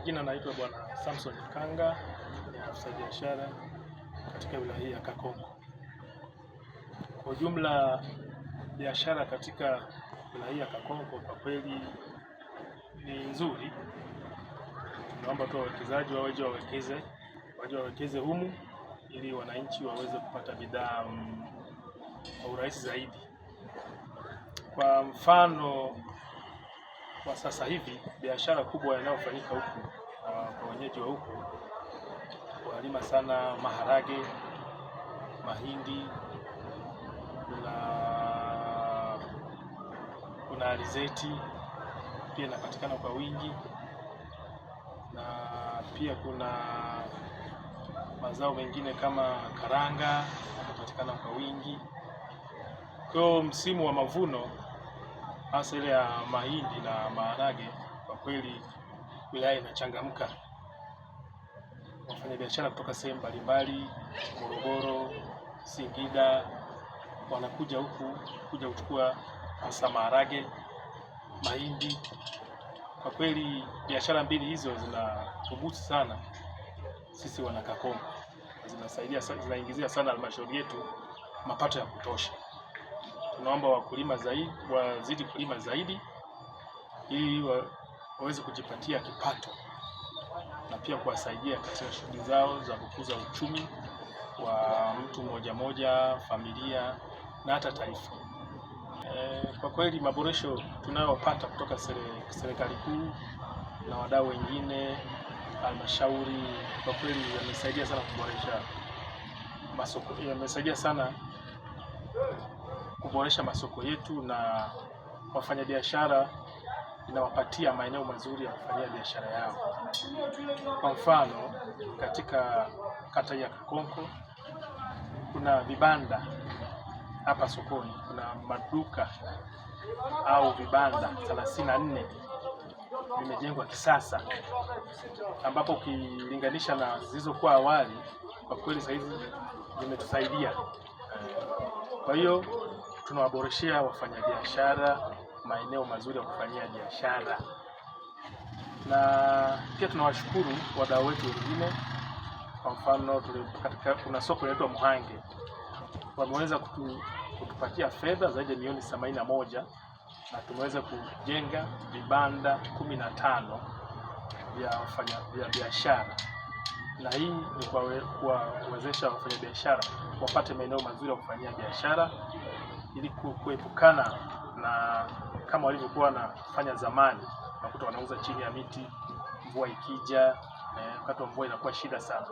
Majina naitwa Bwana Samson Kanga, ni afisa biashara katika wilaya hii ya Kakongo. Kwa ujumla, biashara katika wilaya hii ya Kakongo kwa kweli ni nzuri. Tunaomba tu wawekezaji waweje wawekeze, waje wawekeze humu ili wananchi waweze kupata bidhaa mm, kwa urahisi zaidi. Kwa mfano kwa sasa hivi biashara kubwa yanayofanyika huku uh, kwa wenyeji wa huku walima sana maharage, mahindi na kuna alizeti pia inapatikana kwa wingi, na pia kuna mazao mengine kama karanga yanapatikana kwa wingi. Kwa hiyo msimu wa mavuno hasa ile ya mahindi na maharage. Kwa kweli wilaya inachangamka, wafanyabiashara kutoka sehemu mbalimbali, Morogoro, Singida, wanakuja huku kuja kuchukua hasa maharage, mahindi. Kwa kweli biashara mbili hizo zinathubutu sana sisi wanakakoma, zinasaidia, zinaingizia sana halmashauri yetu mapato ya kutosha tunaomba wakulima zaidi wazidi kulima zaidi ili wa, waweze kujipatia kipato na pia kuwasaidia katika shughuli zao za kukuza uchumi wa mtu mmoja moja, familia na hata taifa. E, kwa kweli maboresho tunayopata kutoka serikali kuu na wadau wengine halmashauri, kwa kweli yamesaidia sana kuboresha masoko, yamesaidia sana kuboresha masoko yetu na wafanyabiashara inawapatia maeneo mazuri ya kufanyia biashara yao. Kwa mfano, katika kata ya Kakonko kuna vibanda hapa sokoni, kuna maduka au vibanda 34 vimejengwa kisasa, ambapo ukilinganisha na zilizokuwa awali, kwa kweli sasa hizi zimetusaidia. Kwa hiyo tunawaboreshea wafanyabiashara maeneo mazuri ya kufanyia biashara, na pia tunawashukuru wadau wetu wengine. Kwa mfano katika kuna soko linaitwa Muhange, wameweza kutu, kutupatia fedha zaidi ya milioni themanini na moja na tumeweza kujenga vibanda kumi na tano vya biashara, na hii ni kuwawezesha wafanyabiashara wapate maeneo mazuri ya kufanyia biashara ili kuepukana na kama walivyokuwa wanafanya zamani, nakuta wanauza chini ya miti, mvua ikija eh, wakati wa mvua inakuwa shida sana,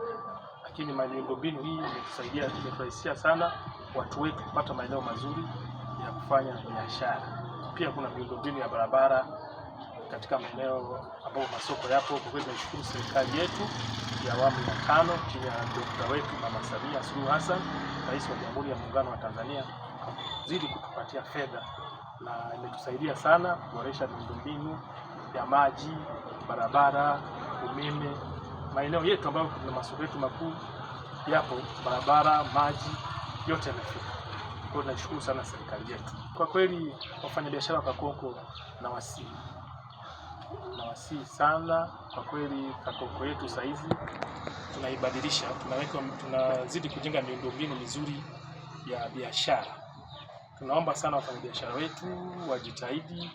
lakini miundombinu hii imetusaidia, imefurahisisha sana watu wetu kupata maeneo mazuri ya kufanya biashara. Pia kuna miundombinu ya barabara katika maeneo ambayo masoko yapo. Kwa kweli tunashukuru serikali yetu ya awamu ya tano chini ya Dokta wetu Mama Samia Suluhu Hassan, Rais wa Jamhuri ya Muungano wa Tanzania zidi kutupatia fedha na imetusaidia sana kuboresha miundombinu ya maji, barabara, umeme, maeneo yetu ambayo kuna masoko yetu makuu yapo, barabara, maji yote yamefika. Kwa hiyo tunashukuru sana serikali yetu kwa kweli. Wafanyabiashara wa Kakonko na wasii na wasi sana kwa kweli, Kakonko yetu sasa hivi tunaibadilisha, tunaweka tunazidi kujenga miundombinu mizuri ya biashara Tunaomba sana wafanyabiashara wetu wajitahidi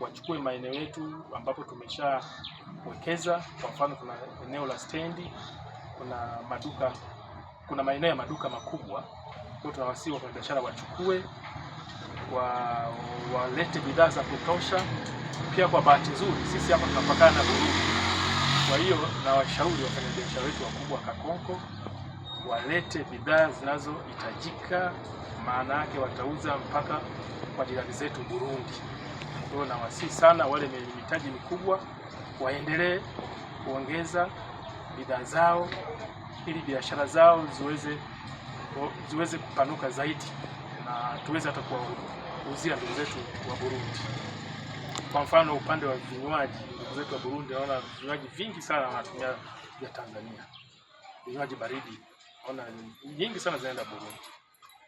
wachukue maeneo yetu ambapo tumeshawekeza. Kwa mfano, kuna eneo la stendi, kuna maduka, kuna maeneo ya maduka makubwa. Kwa tunawasihi wafanyabiashara wachukue, walete bidhaa za kutosha. Pia kwa bahati nzuri sisi hapa tunapakana na Burundi, kwa hiyo na washauri wafanyabiashara wetu wakubwa Kakonko walete bidhaa zinazohitajika, maana yake watauza mpaka kwa jirani zetu Burundi. Kwa nawasihi sana wale wenye mitaji mikubwa waendelee kuongeza bidhaa zao ili biashara zao ziweze ziweze kupanuka zaidi na tuweze hata kuwauzia ndugu zetu wa Burundi. Kwa mfano upande wa vinywaji, ndugu zetu wa Burundi naona vinywaji vingi sana wanatumia vya Tanzania, vinywaji baridi. Ona nyingi sana zinaenda Burundi.